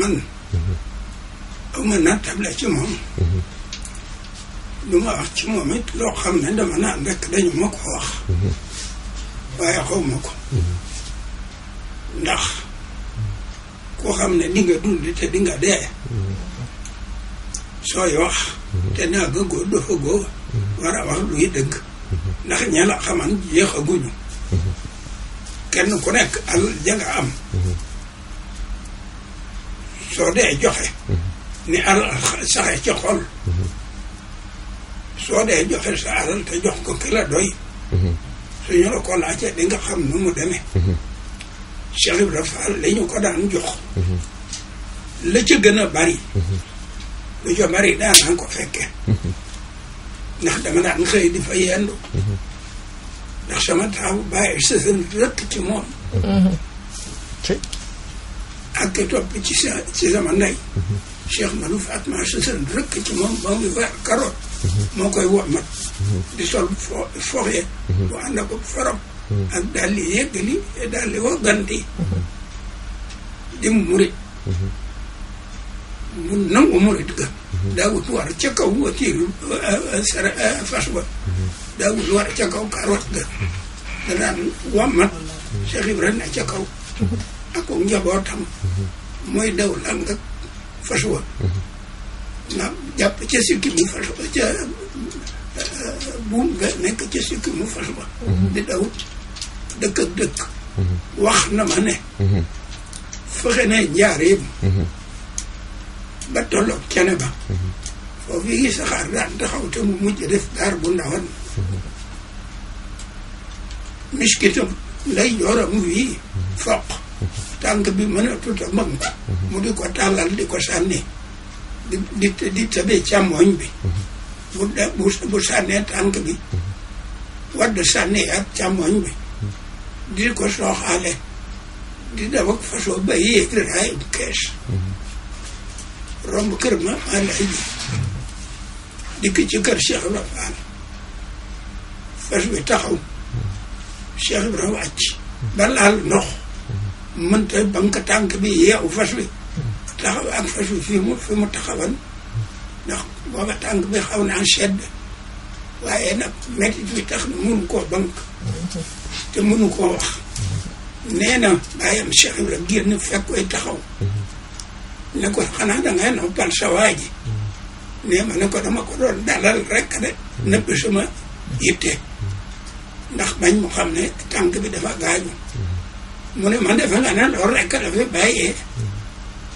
man awma nattable ci moom lu ma wax ci moom loo xam ne dama naan rekk dañu ma ko wax waaye xaw ma ko ndax koo xam ne dinga dund te dinga dee sooy wax te naa gëgoo dafa goo war a wax luy dëgg ndax ña la xaman jeexaguñu kenn ku nekk alal ja am soo dee joxe ni alal saxe ci xol soo dee joxe sa alal te jox ko ki la doy suñu la ko laajee di nga xam nu mu demee Cheikh Ibra Fall li ñu ko daan jox la ca gën a bari lu ca bari daanaa ko fekke ndax dama daan xëy di fa yendu ndax sama taaw bàyyi sësal rëkk ci moom ak ci sa ci sama ndey cheikh manu Fatma sa sën rëkk ci moom ba mu weex karoot moo koy wommat di sol fo fooxee bu ànd ak forom ak dalli yëggali dalli wa ganti di murit mu nangu murit ga daawut war ca kaw eh, eh, eh, fas ba daawut war ca karoot ga da daan wommat cheikh Ibrahima ca kaw aku njabootam mooy daw lan ak fas wa ndax jàpp ca sikki mu fas wa ca buum ga nekk ca sikki mu fas wa di daw dëkk ak dëkk wax na ma ne fexe ne njaareem ba tolloog cene ba foofu yi saxaar daan taxaw te mu mujj def daar bu ndawan miskitam nday jooram wii foq tànk bi mën a tuta mag mu kan, di ko tàllal di ko sànni di di di tëbee càmmooñ bi bu de bu bu sànnee tànk bi wadd sànni ak càmmooñ bi di ko sooxaale di def ak façon ba yéeg raayum kees romb kër ma alay ji dikk ci kër Cheikh Ibra fas bi taxaw Cheikh Ibra wàcc ba laal ndox mën mënta banque tànk bi yeewu fas wi taxaw ak fas wi fii mu fi mu taxawan ndax booba tànk bi xaw naa sedd waaye nag métit bi tax na mënu koo banque te mënu koo wax nee na bàyyam Cheikh Ibra génn fekk koy taxaw ne ko xanaa dangay noppal sa waa ji nee ma ne ko dama ko doon dalal rekk de nëbb sama yitte ndax bañ mu xam ne tànk bi dafa gaañu mu ne man defe naa ne loolu rek la fi bàyyee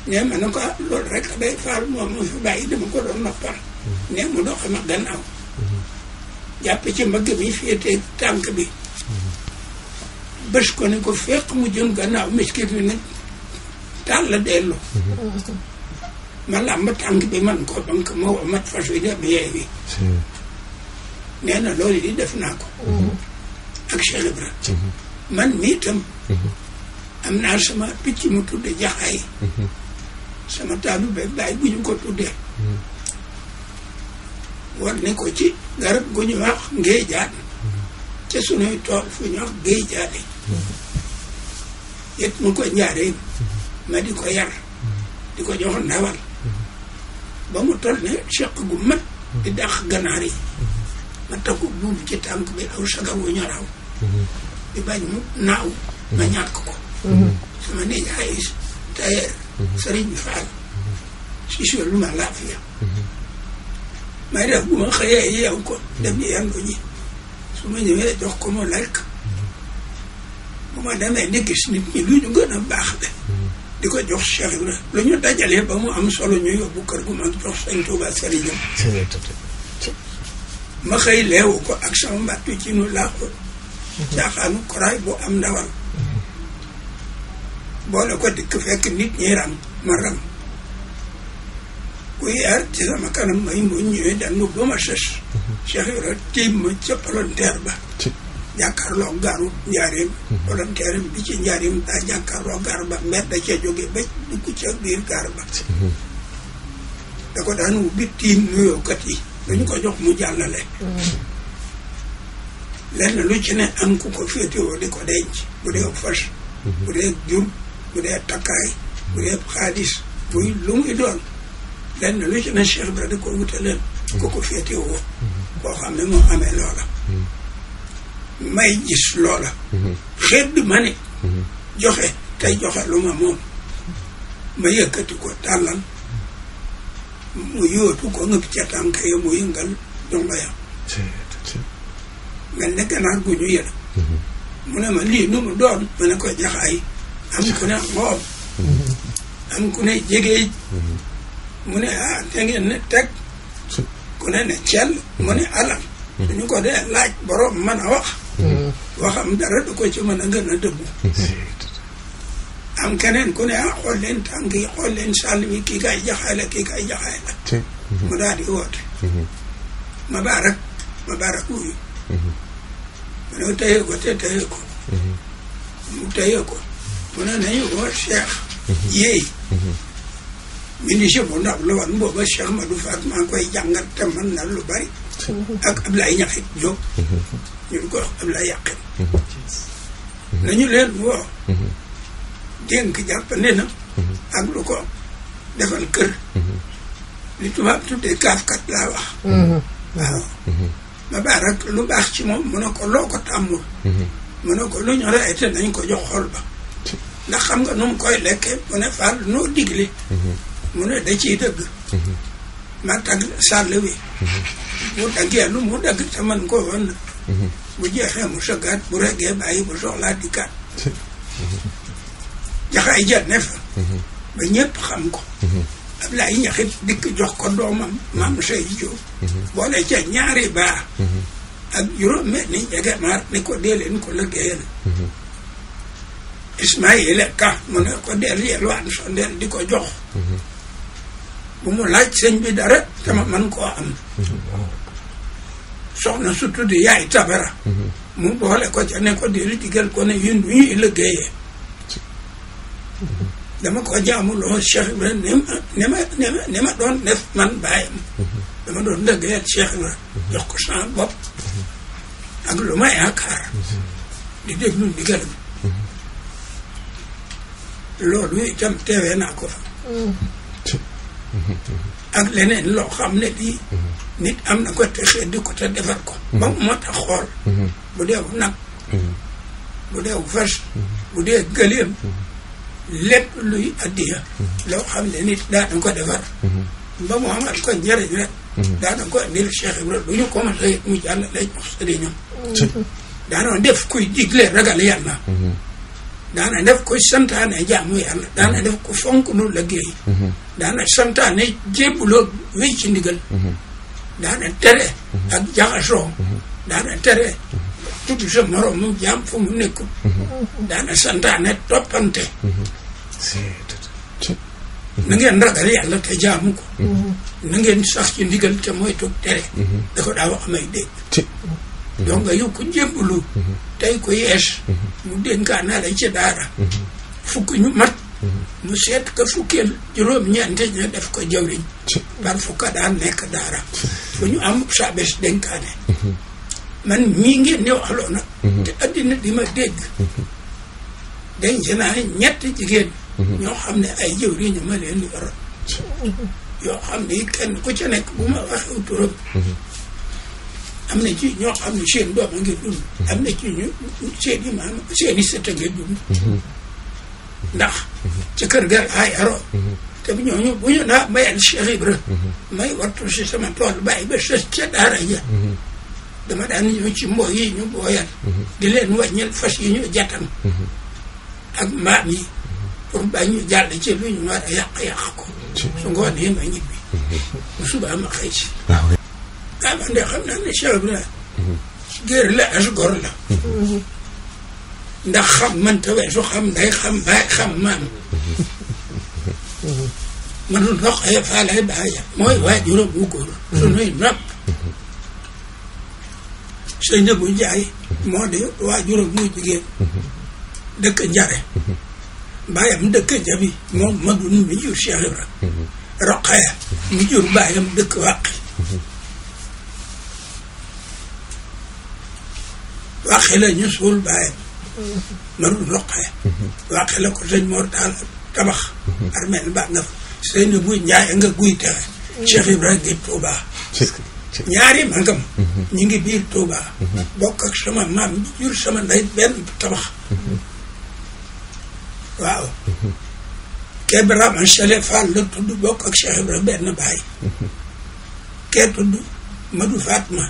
ne ma na ko ah loolu rek bay faal moom mu fi bàyyi dama ko doon noppal ne mu dox ma gannaaw jàpp ci mbagg mi féete tànk bi bës ko ne ko fekk mu jëm gannaaw miskit mi nag taal la dellu ma làmb tànk bi man ko bank ma wa mat fas wi dem yeewi nee na loolu di def naa ko mhm. ak célébrat mhm. man mii tam mhm. am naa sama picc mu tudde jaxaay mm-hmm. sama taalu be bàyyi bu ko tuddee mm-hmm. war ne ko ci garab gu ñu wax ngéejaan ca mm-hmm. sunuy tool fu ñu wax géejaane yët mu ko njaareen ma di ko yar di ko jox ndawal ba mu toll ne seq gu mat di dàq ganaar yi ma takku buum ci tànk bi aw sagar wu di bañ mu naaw ma ñàkk ko sama nijaay tailleur Serigne Fall Cissé mm-hmm. lu ma laafiya mm-hmm. may def bu ma xëyee yeew ko mm-hmm. dem yendu ji su ma ñëwee jox ko mu lekk bu ma demee ni gis nit ñi lu ñu gën a baax de di ko jox Cheikh Ibra lu ñu dajalee ba mu am solo ñu yóbbu kër gu mag jox Sëñ Tuuba Serigne ma xëy leewu ko ak sama mbàttu ci nu laaxul caaxaanu koraay bu am ndawal boole ko dikk fekk nit ñi ram ma ram ku yaar ci sama kanam may mu ñëwee danu ba ma sës Cheikh Ibra tiim ma ca palanteer ba jàkkaarloo gaaru njaareem palanteeram mhm. bi ci njaareem daa jàkkaarloo gaar ba mbedd da cee jóge ba dugg ca biir gaar ba mhm. da ko daan ubbi tiim nuyookat yi dañu ko jox mu jàllale mhm. lenn lu ci ne am ku ko féetewoo di ko denc bu dee bu dee jur bu dee takkaay bu dee xaalis buy lu muy doon lenn lu ci ne Cheikh Ibra da ko wuta leen ku ko féete woo koo xam ne moo amee loola may gis loola xedd ma ne joxe tey joxe lu ma moom ma yëkkati ko tàllal mu yóotu ko ngëb ca tànk ya mu yëngal dongo ya mel ne ganaar gu ñu yële mu ne ma lii nu mu doon ma ne ko jaxaay am ku ne xool am ku ne jege mu ne ah te ne teg ku ne ne cel mu ne alam duñu ko dee laaj borom man a wax waxam dara du ko ci mën a gën a dëggu am keneen ku ne a ah, xool leen tànk yi xool leen sàll mi kii kay jaxaay la kii kay jaxaay la mu daal di woote ma baarak ma baarak wuyu mu ne tëye ko te tëye ko mu tëye ko 보는 해요 그 셰프 예 mindi chef bu ndax la woon booba Cheikh Madou Faat maa ngi koy jàngat te mën na lu bari ak Ablaye Ñaxit Jóob ñu di ko wax Ablaye Yàqin lañu leen woo dénk jàppandi na ak lu ko defal kër li tubaab tuddee kaafkat laa wax waaw ba baax rek lu baax ci moom mu ne ko loo ko tàmmul mu ne ko lu ñoree te nañ ko jox xol ba ndax xam nga nu koy lekkee mu ne Fall noo digle. Mhm. mu ne da ciy dëgg. Mhm. ma tag sàll wi. Mhm. mu daggee lu mu dagg te man ko woon na. bu jeexee mu sëggaat bu reggee bàyyi bu soxlaa dikkaat. jaxaay jat ne fa. ba ñëpp xam ko. Ablaye ñaxit dikk jox ko doomam maam yi Diop. boole ca ñaari baa. ak juróom-benn njëgamaar ni ko dee leen ko liggéeyal. Ismaayila Ka mu ne ko del yelwaan soo del di ko jox bu mu laaj sëñ bi dara sama man koo am soxna su tudd yaay tabara mu boole ko ca ne ko di digal ko ne yéen du ñuy dama ko jaamuloo Cheikh Ibra ne ne ma ne ne ma doon def dama doon liggéeyal Cheikh Ibra jox ko sama bopp ak lu ma yaakaar di déglu ndigalam loolu itam teewee naa ko fa ak leneen loo xam ne lii nit am na ko te xeddi ko te defar ko ba mu mat a xool bu deewu nag bu deewu fas bu dee gëléem lépp luy addiya loo xam ne nit daana ko defar ba mu amal ko njëriñ rek daana ko andil Cheikh Ibrahima du ñu commencé mu jàll lay jox sëriñam daanoon def kuy digle ragal yàlla daana def ko santaane jaamu yàlla daana def ko fonk nu liggéey mhm. daana santaane jébbuloo wéy ci ndigal mhm. daana tere mhm. ak jaxasoo daana tere tudd sa morom mu jaam fu mu nekku daana santaane toppante na ngeen ragal yàlla te jaamu ko na ngeen sax ci mooy te moytu tere da ko daa wax may dégg donc yow ku jébbalu mhm. tey ko yees mhm. mu dénkaana la ci daara mhm. fukk ñu mat mu seet ka fukkeel juróom-ñeent ña def ko jawriñ par fukka daan nekk daara fu ñu am sabes dénkaane man ñii ngeen di waxloo nag te addina di ma dégg denc naa ñetti jigéen ñoo xam ne ay jawriñ ma leen yoroon yoo xam ne kenn ku ca nekk bu ma waxee turam am na ci ñoo xam ne seen doom mm-hmm. am na ci ñu seen i maam mm-hmm. ndax mm-hmm. ci kër ga ay te bu ñooñu bu ñu naa mayal Cheikh Ibra may wattu si sama tool bàyyi ba sës ca daara ja dama daan ñëw ci mbooy yi ñu booyal di leen wàññil fas yi ñu jatam ak maam yi pour bañ ñu jàll ci lu ñu war a yàq-yàq ko su ngoon yi ma ñibbi bu subaa ma xëy si ah عندي خلنا خمنا نشرب له دير لا اشقر له ده خم من تبع شو خم ده خم هاي خم من من الرق هي فعل هي بهاي ما واحد يروح وقول شنو يرب شنو بيجي ما دي يروح يرب بيجي دك جاري baya من دك jabi ما ما دون ميجور شهرة رقية ميجور mi من دك واقي waqila ñu suul bàyyam marul roqee mhm. waqila ko sëñ Mor daal tabax mhm. armeel ba nga fa sëñ bu njaay nga guy texe mhm. Cheikh Ibrahima gi Touba ñaari magam ñu ngi biir Touba bokk ak sama maam bi jur sama ndey benn tabax waaw kee Birame Sele Fall la tudd bokk ak Cheikh Ibrahima benn baay kee tudd Madou Fatma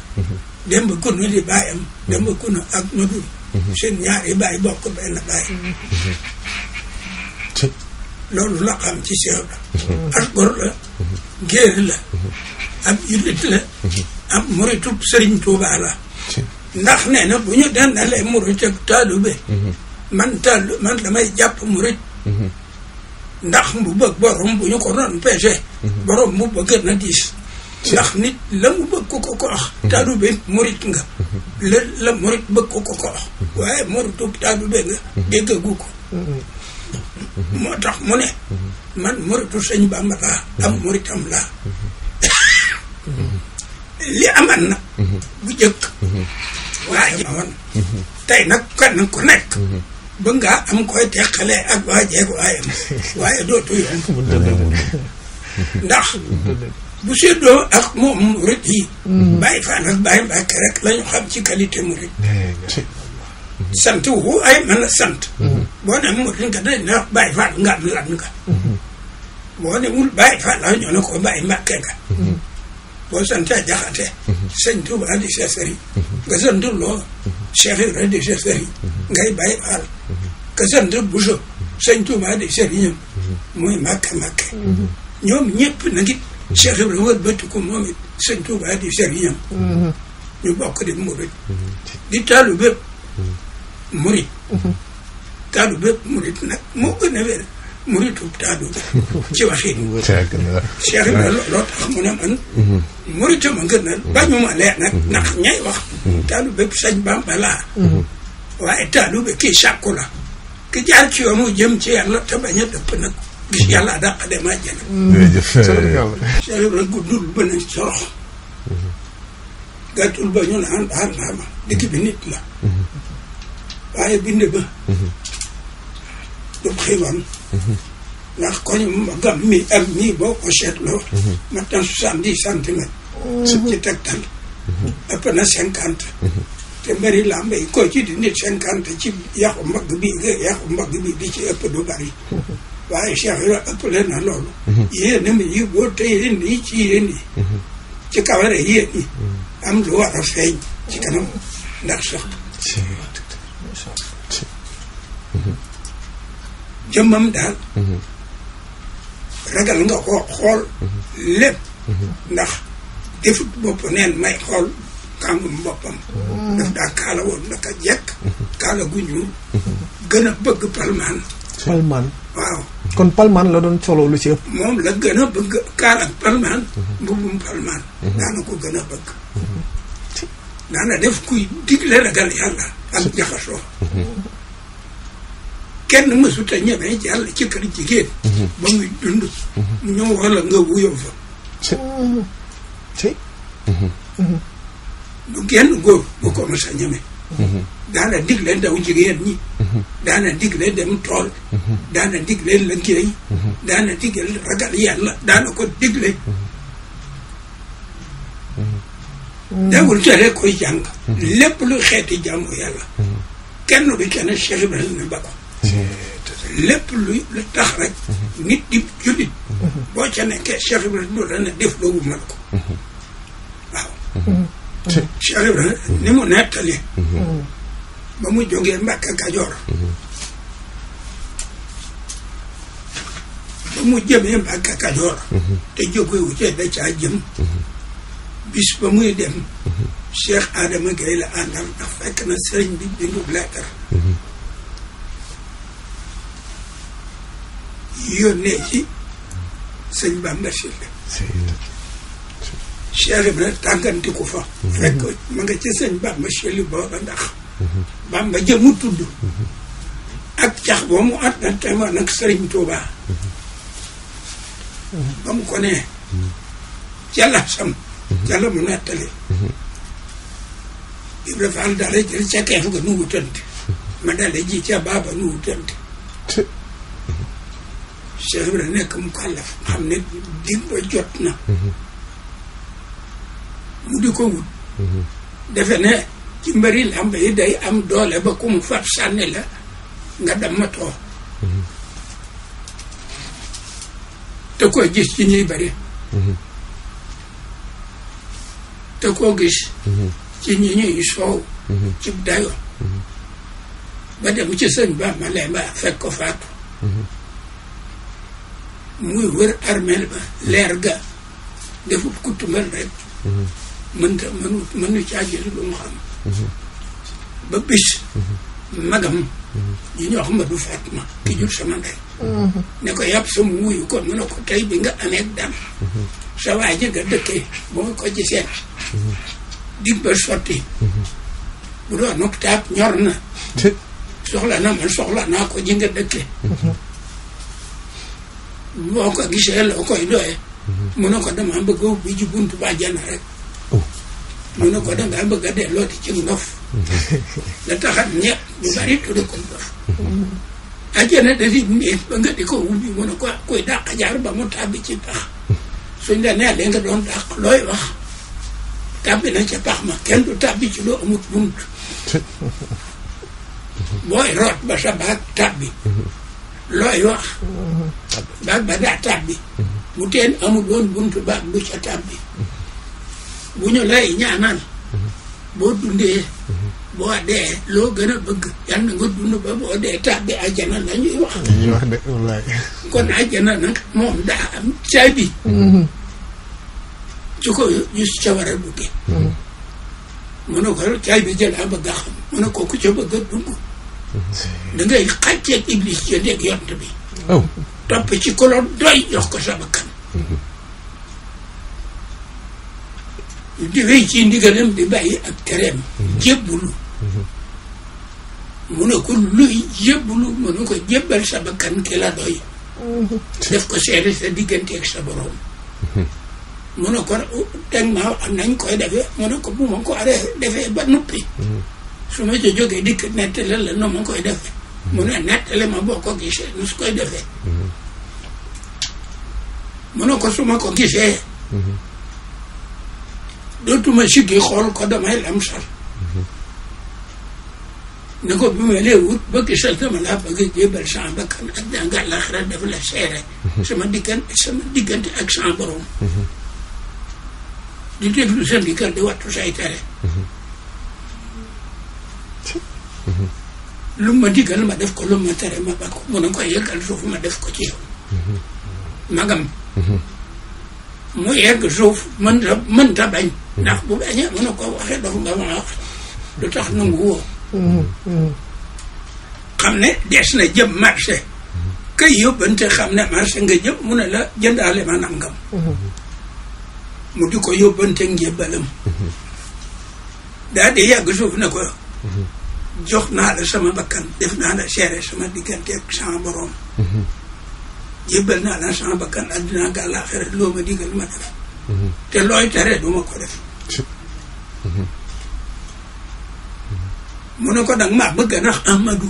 Demba Kono di bàyyam mm-hmm. Demba Kono ak Madul mm-hmm. seen ñaari bàyyi bokk benn bàyyi mm-hmm. loolu la xam ci seew la ak gor la géer la ab jullit la ab muritu sëriñ Tuubaa la ndax nee na bu ñu dendalee murit ak taalube man taalu man damay jàpp murit ndax mu bëgg borom bu ñu ko doon pêché borom mu bëgg na diis ndax nit la mu bëgg ko ko ko wax mhm. taalube murit nga mhm. la murit bëgg ko ko ko mhm. waaye muritub taalube nga déggagu ko moo tax mu ne man muritu sëñ Bàmba laa am muritam laa li aman na bu jëkk waa ji amoon tey nag kenn ku nekk ba ngaa am koy waaye dootu ndax bu séddoo ak moom murit yi. Mm-hmm. Baye Fall ak Baye Mbacke rek la ñu xam ci qualité murit. Mm-hmm. sant wu ay mën a sant. Mm-hmm. boo nee murit nga dañ ne Baye Fall nga am lan nga. boo ne wul Baye Fall la ñu ne ko Baye Mbacke nga. boo santee Jaxate. sëñ Touba di sa sëriñ. nga sant loo Cheikh Ibra di sa sëriñ. ngay Baye Fall. nga sant Bousso. sëñ Touba di sëriñam. muy Mbacke Mbacke. ñoom ñëpp nag it. Cheikh Ibrahima wëlbatiku moom it sëñ Touba di sëriñam ñu bokk di murit mhm. di taalu bépp mhm. murit mhm. taalu bépp murit nag moo gën a wér muritu taalu bépp ci waxin Cheikh Ibrahima loo tax mu ne man muritu ma gën a bañuma lee nag ndax ñay wax taalu bépp sañ Bamba laa waaye taalu bépp kii sàkku la ki jaar ci yoon mu jëm ci yàlla te bañ a dëpp nag yàlla daa xadee ma àjjana. jërëjëf Cheikh Ibrahima guddul ba ne sorox. gàttul ba ñu ne ànd ànd ma dëkk bi nit la. waaye bind ba. du xiiwam. ndax koñ gam mi am mii boo ko seetloo. mat na soixante-dix centimètres. su ci tegtal. ëpp na cinquante. te mbari làmba yi koo ci di nit cinquante ci yaxu mbagg bi yaxu mbagg bi di ci ëpp du bari. waaye Cheikh ëppale na loolu. yéen a ngi boo tey nii ci yéen nii. ci kaw rek nii. am lu war a feeñ ci kanam ndax sax. jëmmam daal. ragal nga ko xool. lépp. ndax defut bopp neen may xool kàngum boppam. daf daa kaala woon naka jekk. kaala gu gën a bëgg palmaan. palmaan waaw. kon palmaan la doon solo lu ci moom la gën a bëgg kaar ak palmaan. mbubbum palmaan. daana ko gën a bëgg. daana def kuy digle ragal yàlla ak jaxasoo. kenn mësut a ñemee jàll ci kër jigéen. ba muy dund. mu ñëw wala nga wuyoo fa. tey. du genn góor bu ko mës a ñeme. daana digle jigéen ñi. daana digle dem tool daana digle liggéey daana digle ragal yàlla daana ko digle dawul tere koy jàng lépp lu xeeti jàmmu yàlla kenn du kenn Cheikh Ibrahima ba ko lépp tax rek la ne def ko waaw Cheikh ni mu nettali ba mu jógee Mbàkke Kajoor ba mu jëmee Mbàkke Kajoor te jógewu ca da caa jëm bis ba muy dem Cheikh Adama Gueye la àndal ndax fekk na sëriñ bi bindub lettre yónnee ci sëñ Bamba Sylla Cheikh Ibra tàngantiku fa fekk ma nga ci sëñ Bamba Sylla booba ndax Bamba jëmu tudd ak cax boo mu at na tama nag Sëriñ Tuuba ba mu ko nee jalla sam jalla mu nettali Ibra Faal dale jël ca keef ga nu wutante ma dale ji ca baaba nu wutante Cheikh Ibra nekk mu kàllaf xam ne dig ba jot na mu di ko wut defe ne ci mbëri làmb yi day am doole ba ku mu far sànni la nga dammatoo te koo gis ci ñuy bëri te koo gis ci ñi ñuy soow ci dayo ba dem ci sëñ ba ma lay ba fekk ko faatu muy wër armeel ba leer ga defut kuttumal rek mënta mënu mënu caajil lu mu xam ba bis. magam. ñu ñoo xam du Fatma. ki jur sama ndey. ne ko yàpp sama wuyu kon mu ne ko tey bi nga amee dam sa ji nga dëkkee boo ko gisee. dig ba sotti. bu doon nag ñor na. soxla na man soxla naa ko ji nga dëkkee. boo ko gisee loo koy doyee. mu ne ko dama bëgg ubbi ji buntu ba jana rek. ñu ne ko dangaa bëgg a delloo di ci ndof la taxat ñepp ñu bari tudd ko ndof ajjana dafi néeg ba nga di ko ubbi mu ne ko koy dàq jaar ba mu tàbbi ci pax suñ la nee li nga doon dàq looy wax tàbbi na ca pax ma kenn du tàbbi ci lu amut bunt booy root ba sa baag tàbbi looy wax mm-hmm. baag ba daa tàbbi bu teen amul bunt baag du ca tàbbi bu ñu lay ñaanal boo dundee boo dee loo gën a bëgg yal na nga dund ba boo dee tàbbi ajjana la ñuy wax ñuy wax de wallaay kon moom daa am caabi ci ko us ca war a duggee mu ne ko caabi jëlaa bëgg xam mu ne ko ku a dugg da ngay xàcceeg iblis ja dégg bi oh. topp ci kolo doy jox ko sa bakkan di wéy ci ndigalam di bàyyi ak tereem mhm. jébbulu mhm. mu ne ko luy jébbulu mu ne ko jébbal sa bakkan ki la doy mhm. def ko seere sa diggante ak sa borom mu ne ko teg naa am nañ koy defee mu ne ko bu ma ko aree defee ba noppi su ma ca jógee dikk nettali la no ma koy defee mu ne nettali ma boo ko gisee nu koy defee mu ne ko su ko gisee dootuma siggi xool ko damay lem sar ne ko bi ma lee wut ba gisal dama laa bëgg a jébal sama bakkan ak jàng àllaaxira daf la seere mhm. sama diggante sama diggante ak sama borom mhm. di déglu sa ndigal di wattu say tere mhm. lu ma digal ma def ko lu ma tere ma ba ko mun a ko yëgal suuf ma def ko ci yow magam mu yegg suuf mën ta mën ta bañ ndax bu bañee mën a ko waxee dof nga mën a wax du tax nangu woo xam ne des na jëm marché kay yóbbante xam ne marché nga jëm mu ne la jëndaale ma nangam mu di ko yóbbante njébbalam daa di yàgg suuf ne ko jox naa la sama bakkan def naa la seere sama diggante ak sama boroom jébbal naa la sama bakkan àdduna ak àllaaxira loo ma digal ma def mhm. te looy tere duma ko def mhm. Mhm. mu ne ko danga maa bëgg ndax Ahmadu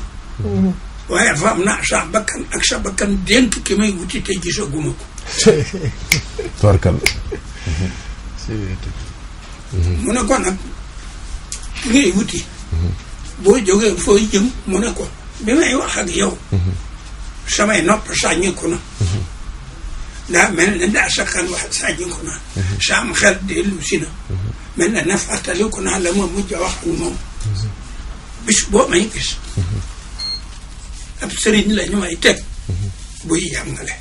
waaye faam naa sa bakkan ak sa bakkan dénk ki may wuti te gisaguma ko torkal mu ne ko nag wuti boo jógee fooy jëm mu ne ko bi wax ak yow شما نو شاني كنا لا من لا شك واحد ساجي كنا شام خل ديلو سينا من نفع تلو كنا لما مجا واحد مم بش بو ما يكش أبصرين لا نما يتك بوي يعمله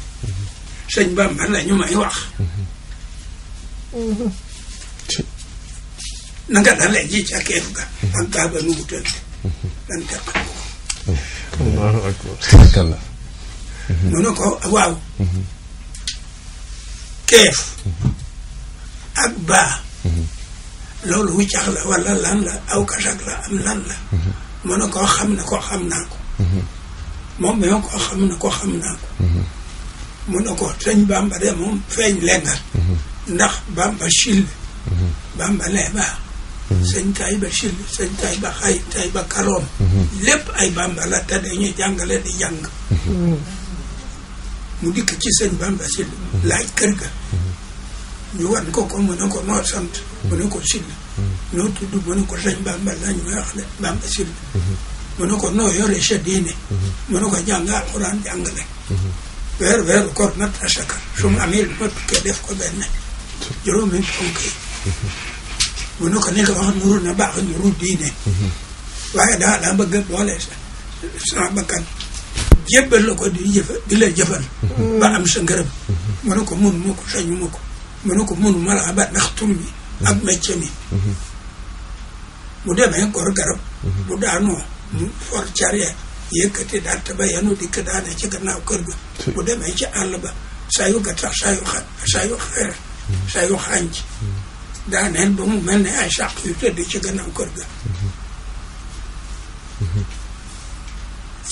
سن بام هلا نما يوخ نقدر هلا جيت أكيفك أنت هذا نوتك أنت الله أكبر تبارك الله هناك واو كيف أكبا loolu wiccax la wala lan la aw kasak la am lan la mu ne koo xam ne koo xam naa ko moom mi koo xam ne koo xam naa ko mu ne ko sëñ bamba de moom feeñ lengal ndax bamba sil bamba leeba sëñ tay ba sil sëñ tay ba xay tay ba kaloom lépp ay bamba la te dañuy jàngale di jàng mu dikk ci sëñ Bamba si laaj kër ga ñu wan ko ko mu ne ko noo sant mu ne ko Sylla ñoo tudd mu ne ko sëñ Bamba la ñu wax ne Bamba mu ne ko noo yore sa diine mu ne ko jàng alxuraan jàngale weer weeru koor nat asaka su mu amee lu mat ke def ko benn juróomi ponk yi mu ne ko wax nuru na baax nuru diine waaye daal daa bëgg boole sa sama bakkan jébbal la ko di jëfa di la jëfal mm-hmm. ba am sa ngërëm mu ko mënu ma ko sañu ma ko mën ne ko mënu ma a ba ndax tur bi ak mm-hmm. mécce mi mm-hmm. mu demee gor garab bu daanoo mu for carrière yëkkati daal te ba yenu dikk daane ci gannaaw kër ga bu demee ci àll ba saa yu gattax saa yu xa saa yu xeer saa yu ba mu mel ne ay sàq yu tëdd ci gannaaw kër ga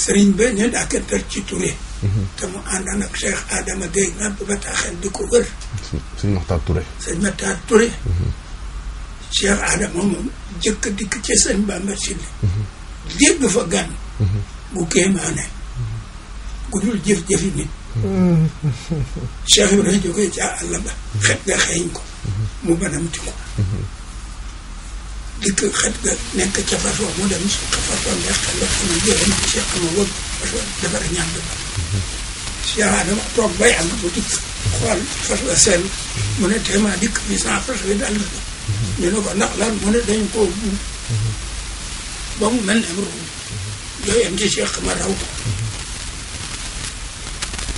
sëriñ ba ñu dàkkatal ci Touré. Mhm. te mu àndoon ak Cheikh Adama Gueye nàmp bataaxel di ko wër. sëñ Maxtaar Touré. sëñ Maxtaar Touré. Mhm. Cheikh Adama moom jëkk dikk ci sëñ Bamba Sylla. dégg mhm. fa gan. bu kéemaane. ku dul jëf-jëfi nit. Cheikh Ibrahima jógee ca àll ba. xet nga xeeñ ko. mu banamti ko. dikk xet ga nekk ca façon mu dem su ko façon neex te ndox mu jëlee ma Cheikh Ama wëgg façon defar ñaar ba Cheikh Adama toog ba yàgg bu dikk xool façon seen mu ne téema dikk bi sans façon yi dal na ñu ne ko ndax lan mu ne dañ koo buub ba mu mel ne am ruum yooyeen ci Cheikh Ama raw ko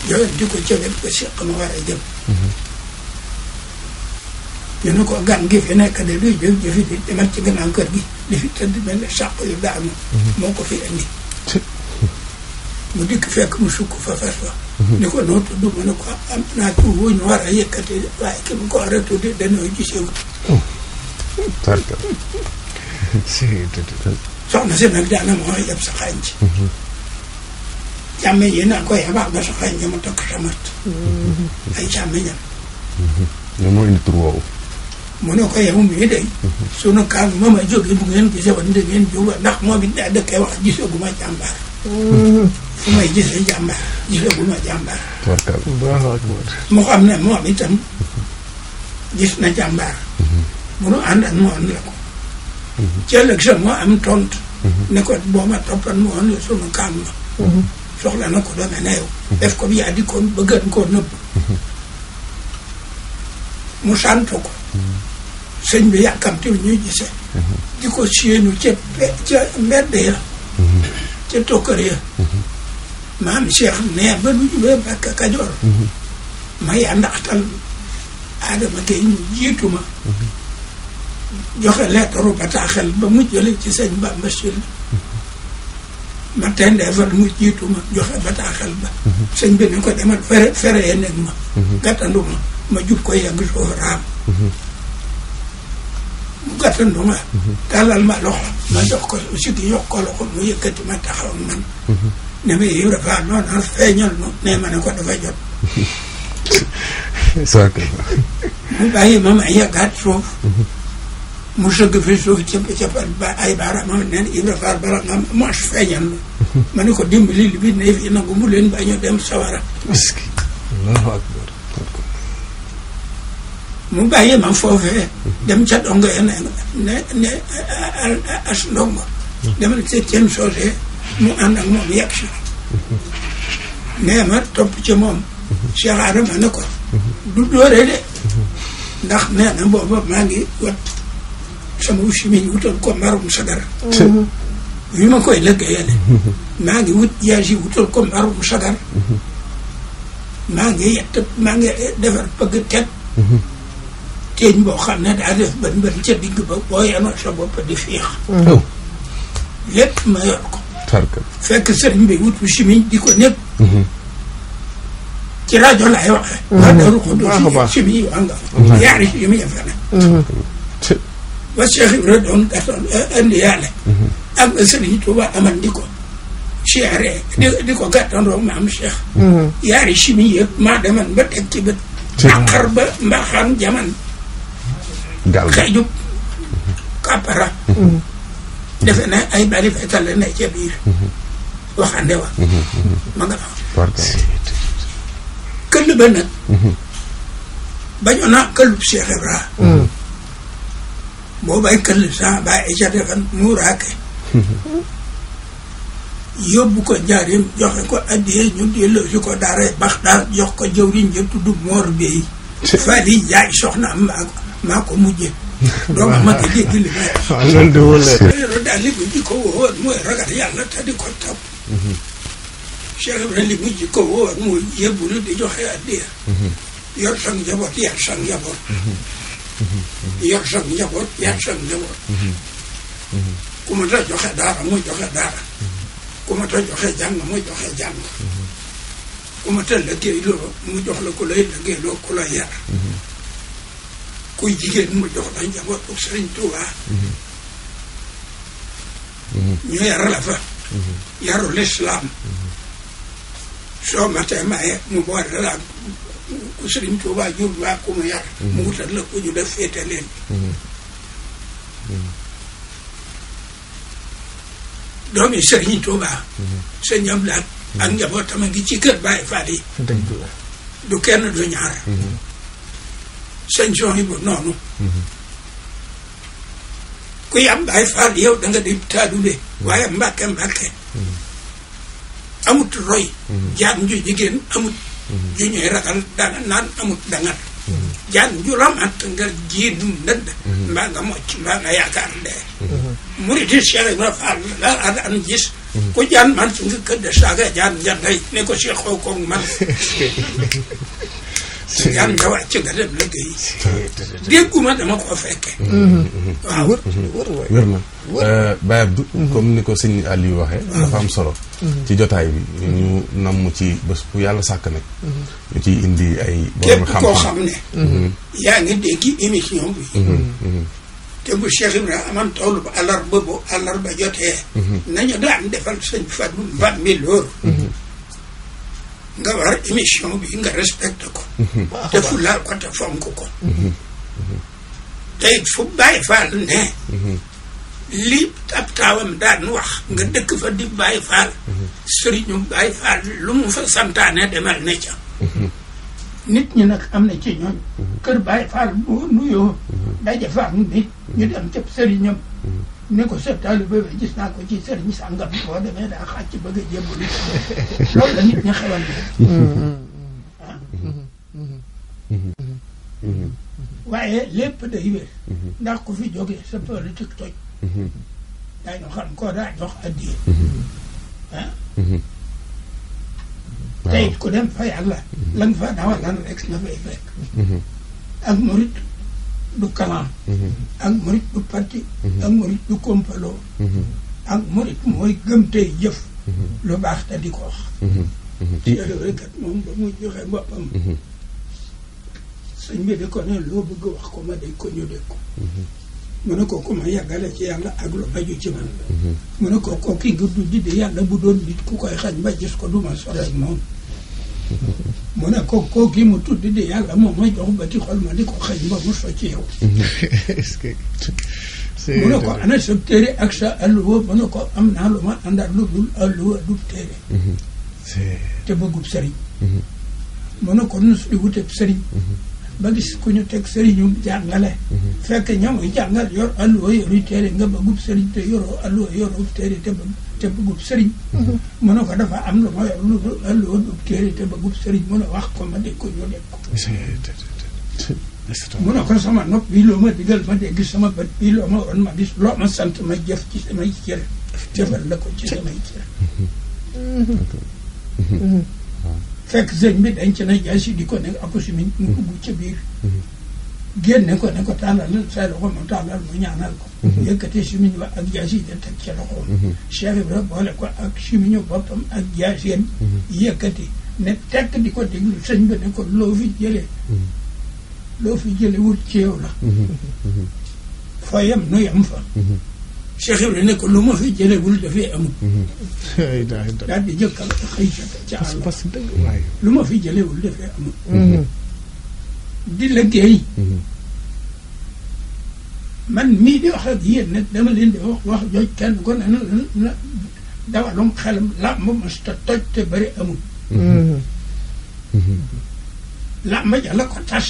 yooyeen di ko jëmee ba Cheikh Ama war a jëm ñu ne ko gan gi fi nekk de luy jëf jëfi di demal ci gannaaw kër gi li fi tëdd mel ne sàq yu daanu mhm. moo ko fi indi mu dikk fekk mu sukk fa fas fa mhm. ni ko noo tudd mu ne ko ah, am naa tur wu ñu war a yëkkati waaye ki mu ko war a tuddi dañoo gisewut oh. soxna si nag daana moo yeb sa xànc mhm. càmmeñ yi naa ko yebaax ba sa xànc mu takk tamat ay càmmeñam ñoom moo indi tur woowu moo ne ko yow mii mhm. day sunu kaas moom a jógee bu ngeen gisee woon da ngeen jóg ndax moom it daa dëkkee wax gisaguma jàmbaar. Mhm. fu may gisee jàmbaar gisaguma jàmbaar. mu xam ne moom itam gis na jàmbaar. Mhm. mu nu ànd ak moom la ko. ci ëllëg sa moo am tontu. ne ko boo ma toppoon mu woon la sunu kaam ma. soxla na ko doome na yow. def ko bi yaa di ko bëggan koo nëbb. mu sant ko sëñ bi yàkkamti ñuy gisee di ko séenu ca ca mbedd ya ca tokkër ya maam Cheikh nee ba nu jubee Mbàkke Kajoor ma yaa ndaxtal Adama Gueye ñu jiitu ma joxe leetaru bataaxel ba mu jële ci sëñ Bamba Sylla ma tendee far mu jiitu ma joxe bataaxel ba sëñ bi ni ko demal fere fere ye nekk ma gàttandu ma ma jub ko yegg soo raam mu gàttandu ma tàllal ma loxo ma jox ko sigi yokk ko loxo mu yëkkati ma taxaw man ne ma yiw dafa noonu feeñal ma ne ma ne ko dafa ma ne ko dimbali li bi ne fi nangu mu leen ba ñu dem sawara allahu akbar mu bàyyi ma foofee dem ca dongo ya ne ne ne as ndongo demal ca seen soosee mu ànd ak moom yegg si nee ma topp ci moom Cheikh Adama ne ko du dóore de ndax nee na booba maa ngi wat sama usimiñ wutal ko marum sagar bi ma koy lëggéeyale maa ngi wut jaas yi wutal ko marum sagar maa ngi yett maa ngi defar pëgg teg teeñ boo xam ne daa def bën bën ca digg ba boo yanoo sa bopp di fiix oh. oh. lépp ma yor ko fekk sëriñ bi wut bu di ko népp mm-hmm. ci rajo laay waxee waa daru ko do simiñ yu muy mm-hmm. fene mm-hmm. ba Cheikh Ibra doon gàttal eh, indi bët naqar ba mbaxaan jaman gaal ga xeejub kàppara mm-hmm. defe na ay bari fay tale ne ca biir mm-hmm. waxande wa mm-hmm. ma nga fa këll ba nag bañoon naa këllub Cheikh Ibra boo bay këll sa bay ay ca defan muuraake yóbbu ko njaarim joxe ñu delloo si ko daaray bax daal jox ko jëwriñ ja tudd moor beey Fadi Njaay soxna am maa ko mujje donc ma ko jéggi li may wax. waaw loolu de wóor la. daal li mu jikko wóor mooy ragal yàlla di ko topp. Mhm. Cheikh Ibrahima li mu jikko wóor mooy yëbbulu di joxe addiya. Mhm. yor sa njaboot yar sa njaboot. Mhm. yor sa njaboot yar sa njaboot. ku ma ta joxe daara mu joxe daara. ku ma ta joxe jàng mu joxe jàng. ku ma tal liggéey loo mu jox la ku lay liggéey loo ku la yar kuy jigéen mu jox la njabootu Sëriñ Tuubaa ñu yar la fa yaru lislaam soo matee maye mu boole la ku Sëriñ Tuubaa jur baa ku mu yar mu wutal la ku ñu def féete leen doomi Sëriñ Tuubaa sëñ am laat anga bota mangi cikar bai fadi do ken do nyaara sen joni bo nonu ko yam bai fadi yow da nga dem tadu de waye mbake mbake amut roy jaam ju jigen amut ju ñoy ragal dana nan amut dangat jaan ju ramat nga jiidum ndënd mbaa nga mocc mbaa nga yaakaar ndee murid cheikh ibra fall la an gis ku jaan man su nga këdd saaga jaan njanday ko si xaw koog man si jaan nga wàcc nga dem liggéey dégguma dama ko fekke mm-hmm. waaw wér na euh, Baye Abdou mm-hmm. comme ni ko sëñ Aliou waxee mm-hmm. dafa am solo ci jotaay bi ñu namm ci bés bu yàlla sàkk nag ñu ciy indi ay képp koo xam ne yaa ngi dégg émission bi te bu Cheikh Ibrahima amoon toolu ba àllarba bu àllarba jotee. Mhm. nañu daan defal sëñ Fadou Mbam mi loolu. Mhm. nga war émission bi nga respecté ko. Mhm. te fu laal ko te fonk ko. tey fu Baye Fall ne. li ab taawam daan wax nga dëkk fa di Baye Fall. sëriñu Baye Fall lu mu fa santaane demal ne ca. nit ñi nag am na ci ñooñ kër Baye Fall bu nuyoo daje fa am nit ñu dem cëb sëriñam ne ko sa taalibe bi gis naa ko ci sëriñ sàngam boo demee daa xàcc bëgg a jébbalu loolu la nit ñi xewal bi waaye lépp day wér ndax ku fi jógee sa politique toj daañu xam koo daa jox addiye ah te it ku dem fa yàlla. la fa dawal lan rek la fay fekk. Mm-hmm. ak murit du kalan. Mm-hmm. ak murit du parti. Mm-hmm. ak murit du kompaloo. ak murit mooy gëm tey jëf. lu baax te di ko wax. loolu rek kat moom ba muy joxe boppam. sëñ bi di ko ne loo bëgg wax ko ma day ko ñu dégg mu ne ko ku ma yàggale ci yàlla ak lu maju mu ne ko kooku gudd di di yàlla bu doon nit ku koy xañ ba gis ko du ma sore moom. mu ne ko koo kii mu tudd di yàlla moom mooy jox bati xol ma di ko xëy ba mu socc yow. est-ce que. mu ne ko ana sa téere ak sa alluwa mu ko am naa lu ma àndaat lu dul alluwa du téere. Mhm. te bëggub sëriñ. mu mhm. ne ko nu su di wuteb ba gis ku ñu teg sëriñum jàngale mhm. fekk ña muy jàngal yor alluwa yoru téere nga bëggub sëriñ te yoroo alluwa yoru téere te bëgg te bëggub sëriñ mhm. mu ne ko dafa am lu ma yor lu alluwa dub téere te bëggub sëriñ mu ne wax ko ma dégg ko ñu dégg ko mu ne ko sama nopp bi loo ma digal ma dégg sama bët bi loo ma won ma gis ma sant ma jëf ci samay cër jëfal la ko ci samay cër mhm. Ah. fekk sëñ bi denc na jaasi di ko ne akusi mi ñu ko bu ca biir génne ko ne ko tàllalal say loxo mu tàllal mu ñaanal ko yëkkati simiñ ba ak jaasi da teg ci loxoom Cheikh Ibra boole ko ak simiñu boppam ak jaasiyam yëkkati ne tekk di ko déglu sëñ bi ne ko loo fi jëlee loo fi jële wut ci yow la fa yem nu yem fa Cheikh Ibrahima ne lu ma fi jëleegul dafay amul. daal di jëkkal xëy ca àll. lu ma fi jëleegul dafay amul. Mhm. di liggéey. Mhm. man mii di wax ak yéen nag dama leen di wax wax jooj kenn gone na na dawalum xelam làmb mos toj te bëri amul. Mhm. làmb ja la ko tas.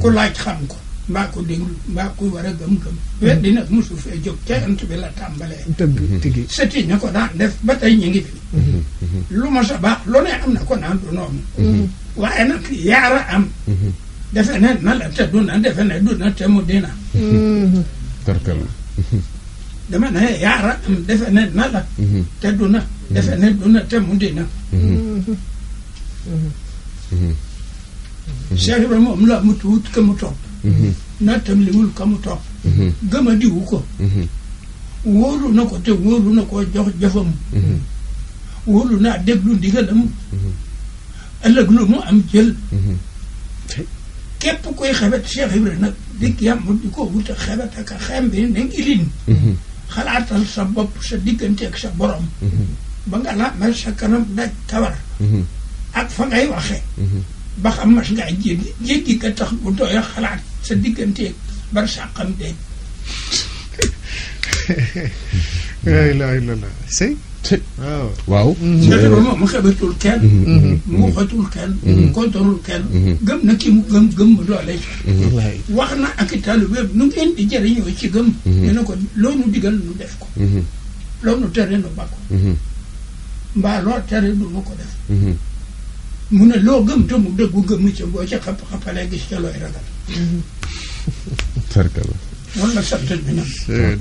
ku laaj xam ko. mbaa ko déglu mbaa ko war a gëm-gëm wet dina musu fee jóg ca yant bi la tàmbalee dëgg tigi sëti ñu ko daan def ba tey ñu ngi fi lu ma sa baax lu ne am na ko naan du noonu waaye nag yaara am defe ne na la te duna defe ne duna te mu dina tarkal dama ne yaara am defe ne na la te duna defe ne duna te mu dina Cheikh Ibrahima moom la mu tuut ka mu topp na tam le mul kamu top gama di wuko wolu na ko te wolu na ko jox jafam wolu na deglu ndigalam ëllëg lu mu am jël képp koy xebet Cheikh Ibrahima nag dikk yàmm di ko wuta xebet ak a xem bi nañ ilin xalaatal sa bopp sa diggante ak sa borom ba nga la mel sa kanam daj tawar ak fa ngay waxe ba xam mas ngaa jéggi jéggi ka tax bu doy xalaat sa digganteeg bar sàqam de. la ilaha illallah sëy waaw waaw. jërëjëf eh. moom mu xebatul kenn. Mm-hmm. Mm-hmm. Mm-hmm. mu waxatul kenn. kontorul gëm na ki mu gëm gëm mu doole. wax na ak i taalibe nu ngeen di ci gëm. dina ko loo nu digal nu def ko. loo nu tere nu bàkko mbaa loo tere du nu ko def. mu ne loo gëm te mu dëggu gëm ca boo ca xap xapalee gis ca looy ragal. tarka la. nag.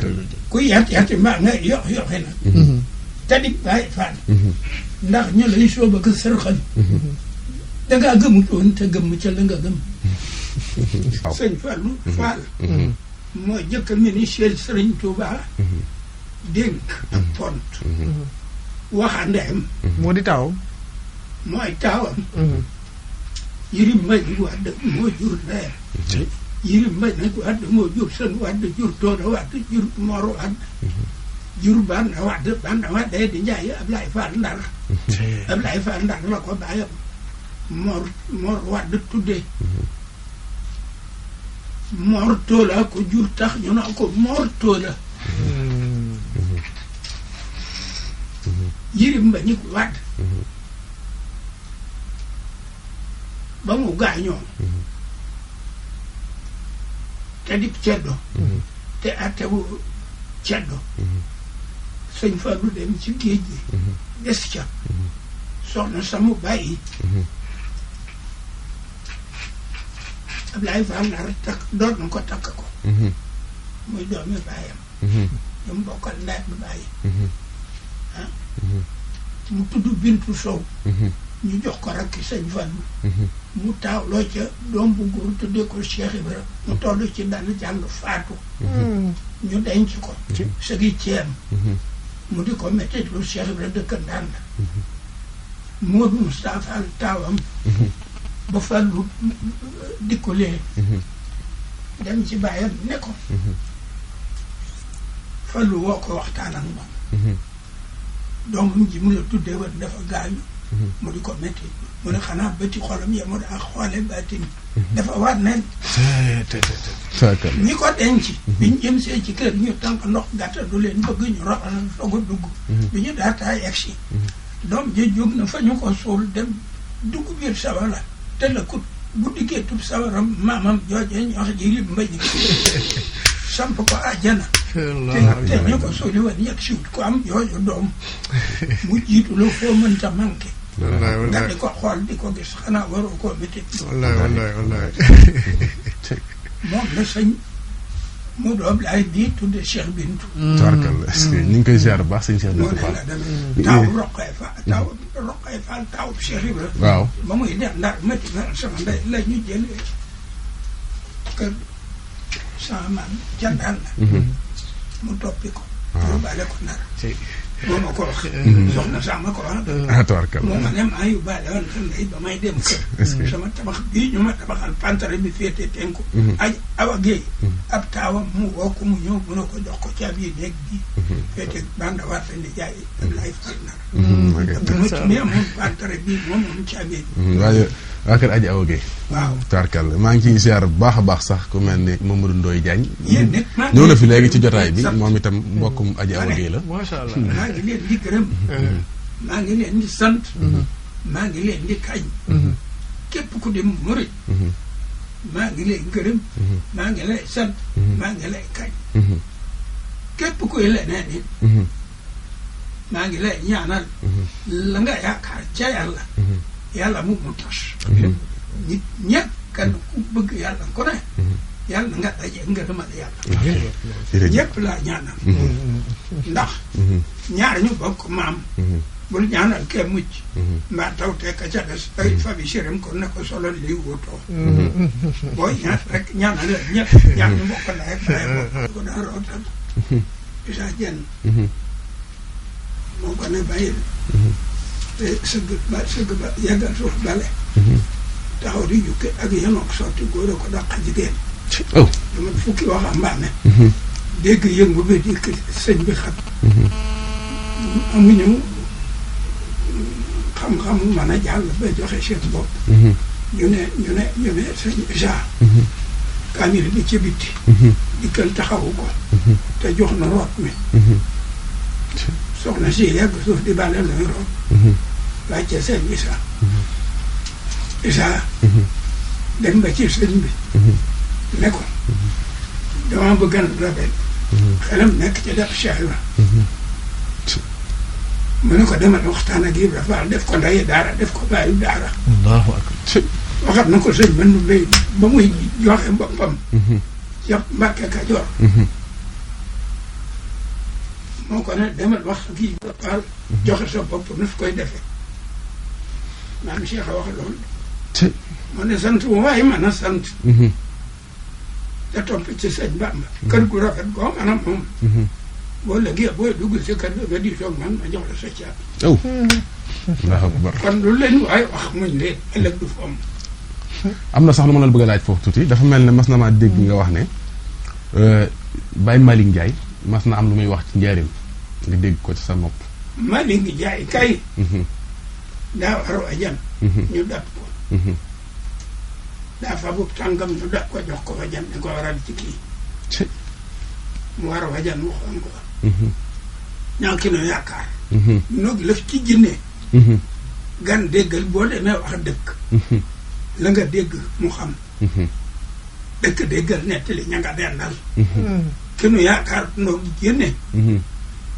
ku yàtt yàtt mbaa nga yox yoxe nag. Mm-hmm. tadib bàyyi faal. Mm-hmm. ndax ñu lay soob ak sërxal. Mm-hmm. da ngaa te gëmm ca la nga gëm. waaw sëñ Fallou Fall. moo jëkk a ministère Serigne Touba. dénk ak pont. moo di taw. moi tawa à? ừ. yiri mai ni wa da mo jur ne yiri mai ni wa da mo jur san wa da jur to da wa da jur maro an jur ban wa da ban wa da da ya ya ablai fa an da ablai fa an da la ko ba ya mor mor wa da tudde mor to la ko jur tax ñu na ko mor to la yiri mai ni wa da ɓaŋo gaaño tadi ceɗɗo te artago ceɗɗo sëñ Fallou dem ci géej gi des ca soxna sama bàyyi Ablaye Fall nar takk door na ko takk ko muy doomi bàyyam ñu bokkal ndaat bi bàyyi ah mu tudd Bintu Sow ñu jox ko rakki sëñ fan mhm. mu taaw loo ca doom bu góor tuddee ko Cheikh Ibra mu mhm. toll ci dana jàng faatu mhm. ñu denc ko sëgi ceem mu di ko méttit lu Cheikh Ibra dëkk ndànd Moodu Moustapha taawam ba fàllu euh, dikkulee dem ci bàyyam ne ko fàllu woo ko waxtaan ak moom doomam la tuddee woon dafa gaañu mu di ko métti mu ne xanaa bëti xolam yamul ak xoole baatin mhm. dafa waat ne ñi ko denc mhm. bi ñu jëm see ci kër ñu tànk ndox gàtta du leen bëgg ñu roxal soog a dugg mhm. bi ñu daataa yegg si doom ji jóg na fa ñu ko suul dem dugg biir sawara te la ku bu dikkee tub sawaram maamam joojee ñu ji lim mbañ samp ko àjjana te ñu ko suuli woon yegg siwut ko am yooyu doom mu jiitu la foo mënta manqué wallaay wallaay nga di ko xool di ko gis la Cheikh Bintu mm. tabarkalla ñu ngi koy ziar bu baax sañ Cheikh Bintu Fall taw roqee fa taw roqee Fall taw Cheikh sama maam jandaan la mu toppi ko ah. yóbbaale ko nar moo a ko wax soxna sax ma ko wax eh, mhm. ah, moo ma ne maa yóbbaale woon sa ndey ba may dem kër sama tabax bii ñu ma tabaxal pantare bi féete tenku mhm. aj awa géey mhm. ab taawam mu woo mu ñëw mun a ko jox ko caabi néeg bi féete banda war sa nijaay Ablaye Fall nar mu ci mi amoon bii moom moom caabi bi waa kër Adja Awa maa ngi ciy bu baax a baax sax ku mel ni Mamadou Ndoye Diagne ñëw fi léegi ci jotaay bi moom itam mbokkum Adja Awa Guèye la macha allah maa leen di gërëm mm-hmm. maa ngi leen di sant mm-hmm. maa ngi leen di kañ mm-hmm. képp ku maa ngi lay leneen maa ngi lay ñaanal la nga yaakaar ca yàlla yàlla mu mu tax mhm. nit ñëpp ku bëgg yàlla ko ne mhm. yàlla nga daje nga demal yàlla ñëpp laa ñaanal mhm. ndax ñaar ñu bokk maam bul ñaanal kee mucc mbaa te ka ca des ay fabi séram ne ko solo li wutoo booy ñaan rek ñaanal la ñëpp ñaar ñu bokk laay baay bokk ko daa rootal moo ko ne bàyyil sëgg ba sëgg ba yàggal suuf bale mhm. taxaw di ak yenoog sotti góor a ko dàq jigéen oh. Oh. dama fukki waxambaane mhm. dégg yëngu bi di sëñ bi xam mhm. amuñu xam-xam mën a jàll ba joxe seen bopp ñu ne ñu ne sëñ genre kaamil bi ci bitti dikkal taxawu ko te jox na root mi soxna si yàgg suuf di bale looy root laajte seen isa isa dem ba ci sëñ bi ne ko dama bëgg a rafet xelam nekk ci def Cheikh Ibra mu ne ko demal waxtaan ak Ibra Faal def ko ndayi daara def ko baayu daara allahu akbar waxat na ko sëñ mën nu lay ba muy joxe boppam ca Mbàkke Kajoor moo ko ne demal wax ak Ibra Faal joxe sa bopp nu fi koy defee مع مشيخة وخلون wanda san tu wai mana san tu da to pice sai ba ma kar gura kar go mana mun wala giya boy dugu sai kar ga di shon man a jawla sai ya oh Allah akbar kan lulle ni ay wax muñ le ëlëk du fam am na sax lu ma la bëgg laaj foofu tuuti dafa mel ne mas na maa dégg nga wax ne Baye Malick Ndiaye mas na am lu muy wax ci njaarim nga dégg ko ci sa nopp Malick Ndiaye kay daa waroo a jam ñu dab ko daa fa tàngam ñu dab ko jox ko wajan ne ko waral ci kii mu war a mu ko ñaa ki no yaakaar laf gan déggal boo demee wax dëkk la nga dégg mu xam dëkk déggal nettali ña nga dendal ki nu yaakaar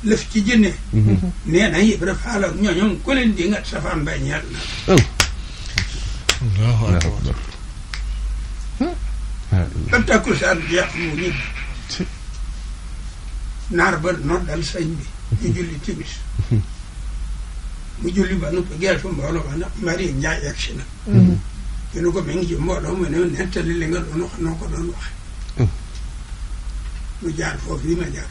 lëf ci jënne mhm. nee na yëpp rek xaaral ñooñu ku leen di nga safaan bay ñaar na. Oh. allahu akbar. ba hmm. takkusaan jeex mu ñibbi. naar ba noddal sëñ bi. ñu mhm. julli timis. Mhm. mu julli ba nu geesu mbooloo ba ndax Marie Ndiaye yegg si na. ñu ne ko mi ngi ci mbooloo mu ne nettali li nga doon wax noo ko doon waxe oh. mu jaar foofu yi ma jaar.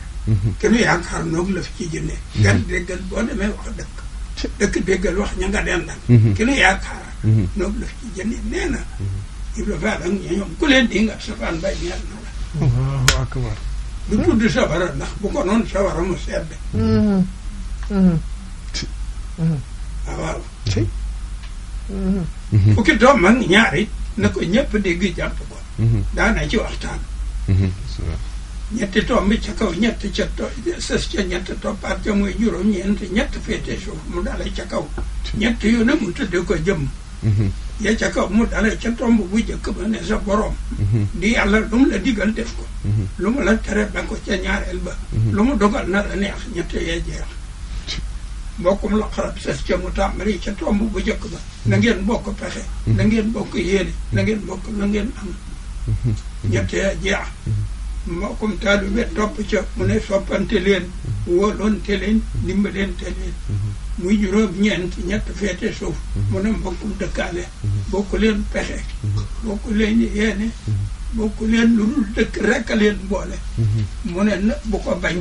te nu yaakaar noonu la fi ci jënne gan déggal boo demee wax dëkk dëkk déggal wax ña nga den lan mhm. ki nu yaakaar mhm. noonu la fi ci jënne nee na Ibra Faal ak ña ñoom ku leen di nga safaan bay ñeel na la Allahu akbar du tudd sawara ndax bu ko noonu sawara mu sedd mhm. Ah, waaw waaw fukki doom ak ñaari na ko ñëpp dégg jàpp ko daana ci waxtaan nhất nhất nhất tôi tôi tôi mới bắt cho người mica rồi niente c'è to sestia niente to parte mo giuro niente niente fete so mo dale c'è cau niente io non muto de ko jam mm-hmm. ya c'è cau mo dale c'è to mo buja ko ne đi borom mm-hmm. di alla là đi gần def ko mm-hmm. lu mo la tere ban ko c'è nhà elba nhất là lu mo dogal na neex niente ye jeex bokkum la xarab sestia mo tamari c'è to mo buja ko na ngeen bokk pexe na ngeen bokk yéene na ngeen bokk na ngeen nhất niente ye jeex mokom taalibe topp ca mu ne soppante leen woloonte leen dimbalente leen muy juróom ñeent ñett feete suuf mu ne mbokkum dëkkaale bokku leen pexe bokku leen yéene bokku leen lu dul dëkk rekk leen boole mu ne na bu ko bañ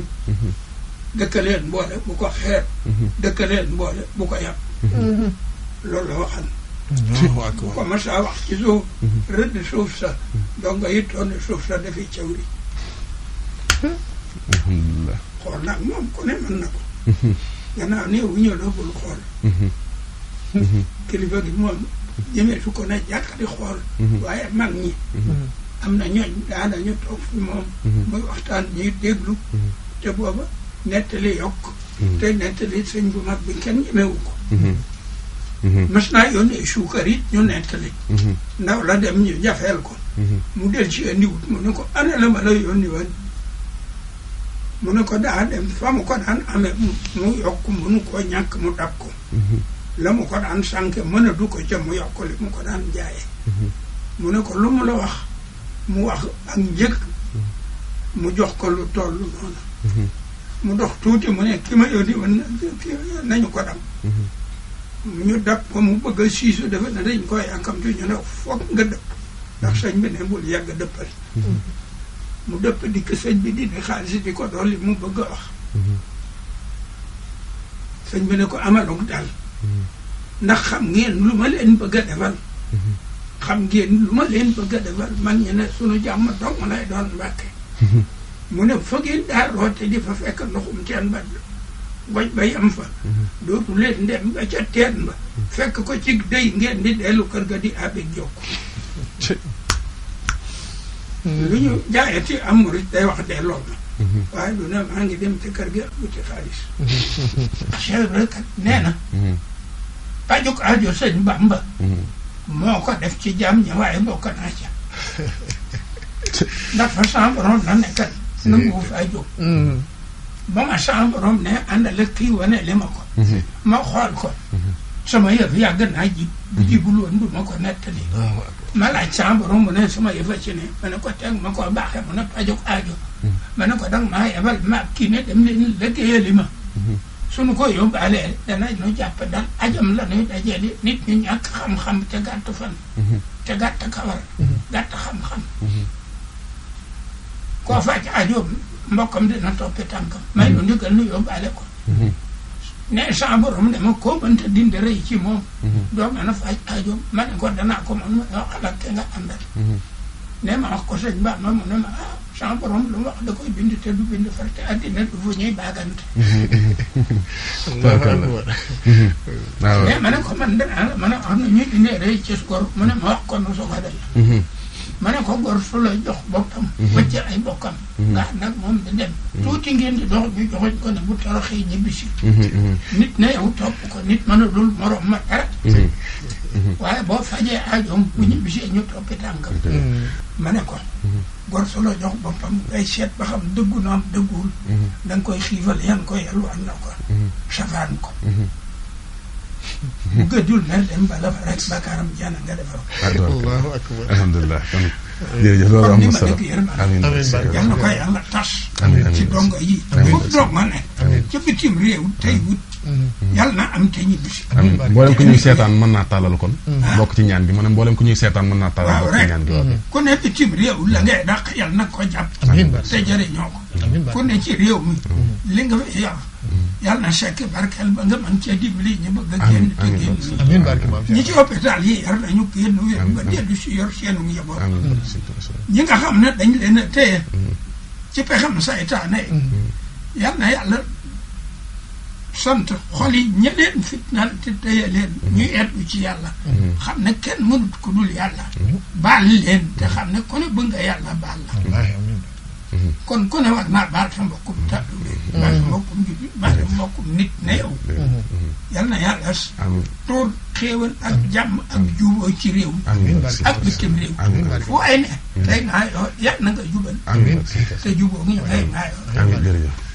dëkkaleen boole bu ko xeeb dëkkaleen boole bu ko yàpp loolu la waxan bu ko mas a wax ci suuf rëdd suuf sa donc it toon suuf sa dafay cawri alhamdulilah xool nag moom ku ne mën na ko. gannaaw néew bu ñëw doo xool. kilifa gi moom jëmeetu ko ne jàkka di xool. waaye mag ñi. am na ñooñ daana ñu toog fi moom. muy waxtaan ñuy déglu. te booba nettali yokk. te nettali sëñ bu mag bi kenn ñemewu ko. mës naa yónnee suukar it ñu nettali. ndaw la dem ñu jafeel ko. mu del ci andiwut mu ne ko ana la ma la yónni woon. mu ne ko daa dem fa mu ko daan amee mu yokk mënu ko ñàkk mu dab ko mhm. la mu ko daan sànke mën a du ko ca mu yokk li mu ko daan jaaye mhm. mu ne ko lu mu la wax mu wax ak njëg mhm. mu jox ko lu toll noonu mu dox tuuti mu ne ki ma yónni woon nañu ko dam ñu dab ko mu bëgg a siisu defe na dañ koy yànkamtu ñu ne foog nga dëpp ndax sëñ bi ne bul yàgg dëppal mu dëpp dikk sëñ bi dindi xaalis di ko dolli mu bëgg a wax mhm. sëñ bi ne ko amalug daal mhm. ndax xam ngeen lu ma leen bëgg a mhm. xam ngeen lu ma leen bëgg a defal mag ñi ne sunu jàmm dong lay doon mbàkke mu ne fa ngeen daa roote di fa fekk ndoxum teen ba goj ba yam fa dootu leen dem ba ca teen ba fekk ko ci dëy ngeen di dellu kër ga di abig jokk lu ñu jaayee ci am murit day wax dee lool na waaye lu ne dem ci kër gi wuti xaalis Cheikh Ibra nee na pajuk aajo sëñ Bamba moo ko def ci jaam ñi waaye bokk naa ca ndax fa sama borom na nekkal nangu faa jóg mm-hmm. ba ma sama borom ne àndal ak kii wane li ma ko mm-hmm. ma xool ko mm-hmm. sama ya fi yagan na ji ji bulu ndu ma ko netta ni mala chambo romo ne sama ya fa chine mana ko tang ma ko ba ha mana pa jok ajo mana ko dang ma ya bal ma kine dem ne le ke ye lima sunu ko yo ba le da na no ja pa dan ajam la ne da je ni nit ham ak xam xam te gatt fan te gatt kawar ham ham xam ko fa ci ajo mbokam dina toppe tankam may no ndigal nu yo ba le ko ne chambre am dama ko mënta dindi rëy ci moom mhm. doo mën a faj aajoom ma ne ko danaa ko mën ma ah, mhm. ne ma wax ko sëñ Ba ma mu ne ma ah chambre lu wax da koy bind te du bind far te àddina du fu ñuy baagante mhm. ah, ne ma ne ko man a wax na ñu dindee rëy ci góor mu ne ma wax ko nu soog a ma ne ko gor su la jox boppam. wëcce mhm. ay bokkam. Mhm. ndax nag moom di dem. Mhm. tuuti ngeen di dox ñu joxoñ ko ne bu toroxee ñibbisi. nit ne yow topp ko nit mënalul morom ma dara. waaye boo fajee aajoom bu ñibbisee ñu toppi tànkam. ma ne ko. gor su la jox boppam day seet ba xam dëggu naam dëgguul da koy xiifal yan koy yalwaan na ko. safaan ko. bu gëjul nel dem ba la fa rek baakaaram yàlla nga defar ko. allahu akbar alhamdulilah. jërëjëf loolu am na solo amiin yal na ko yàlla tas. ci dongo yi. foofu doog ne. ca bitim réew tey wut. Mm-hmm. yàlla na am te ñibbi si. amiin ñuy seetaan mën naa tàllal kon. Mm-hmm. bokk ci ñaan bi ma ne mboolem ko ñuy seetaan mën naa tàllal bokk rek mm-hmm. ku ne bitim réew la ngay dàq yàlla na ko jàpp. amiin te jëriñoo ko. ku ne ci réew mi li nga fi yàlla. yal na shakke bar kel bangam an chedi bli ni bo ga gen ti gen amin bar ke mam ni ji hospital yi yar na nyu ke nu yu ga de du shi yor shi nu ya bo ni ga kham na dang le na te mm. ci pe kham sa eta ne mm. yal na yal sant kholi ni le fit na ti te le mm. ni et er bu ci yalla kham ken mun ku dul yalla ba le te kham na ko ne bu nga yalla ba amin kon ku ne war naa baal sa mbokkum tàllu mm-hmm. baal sa mbokkum jullit baal sa mbokkum nit ne yow mm-hmm. yal na yàlla tuur xéewal ak jàmm ak juboo ci réew ak bitim réew fu ay ne tey naa yoo yal na nga jubal te juboo ngi ñu naa yoo